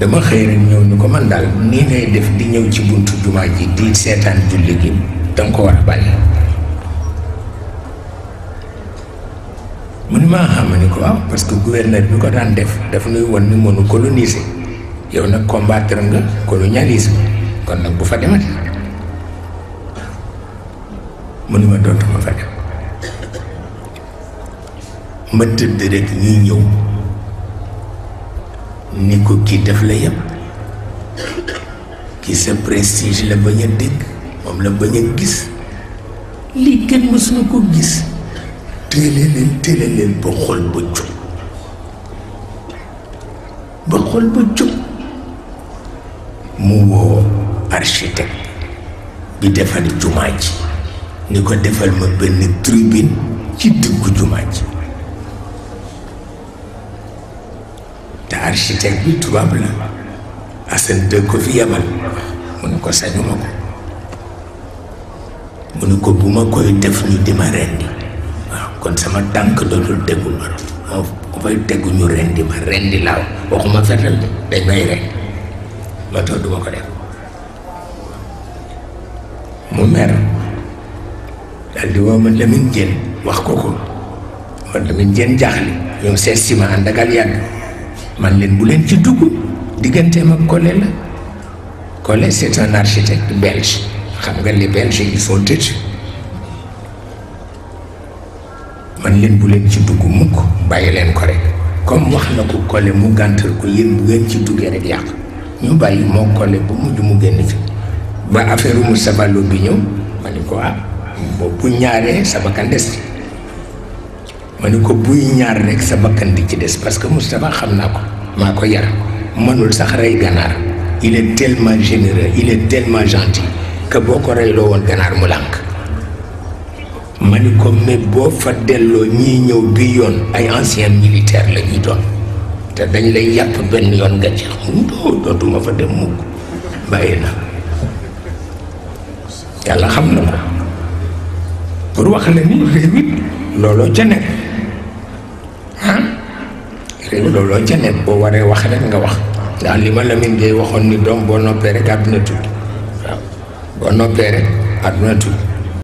dama xëy rek ñëw ni ko man daal nii ngay def di ñëw ci buntu jumaa ji di seetaan julli gi danga ko war a bàyyi mu ni maa ah, xam ni ko am parce que gouverneur bi ko daan def daf nuy won ni mënu coloniser yow nag combattre nga colonialisme kon nag bu fa demati mu ni ma dootuma fa dem ma tëdd rek ñuy ñëw ni ko kii def la yëpp kii sa prestige la ba a dégg moom la bañ a gis lii kenn mësuñu ko gis téele leen téele leen ba xol ba jóg ba xol ba jóg mu woo architecte bi defar jumaa ni ko defal ma benn tribune te architecte bi tubaab la assen dëgg ko fi yaman mu ne ko sañuma ko mu ko bu ma koy def ñu di ma rendi waaw kon sama tànk dootul déggu ma moom ku fay ñu rendi ma laaw waxuma ma tax du ma ko def mu mer daal di woo ma Lamine Dieng wax ko ko man Lamine Dieng jaaxle ñoom seet si ma yàgg man leen bu leen ci dugg digganteem ak Collé la Collé c'est un belge xam nga les Belges ils sont têtus man leen bu leen ci dugg mukk bàyyi leen ko rek comme wax na ko Collé mu gàntal ko yéen bu gën ci duggee rek yàq ñu bàyyi moo Collé ba mujj mu génn fi ba affaire mu sabalo bi ñëw ma ni ko ah bu ñaaree sama kan des ma ni ko buy ñaar rek sa bakkan di ci des parce que Moustapha xam naa ko maa ko yar mënul sax rey ganaar il est tellement généreux il est tellement gentil que boo ko reyloo woon ganaar mu lànk ma ni ko mais boo fa delloo ñii ñëw bi yoon ay anciens militaires la ñuy doon te dañ lay yàpp benn yoon nga jeex doo dootuma fa dem mukk bàyyi na yàlla xam na ko pour wax la ni looloo ca xëy na looloo ca nekk boo waree wax rek nga wax ndax li ma Lamine Gueye waxoon ni doom boo noppee rek àdduna tukki waaw boo noppee rek àdduna tukki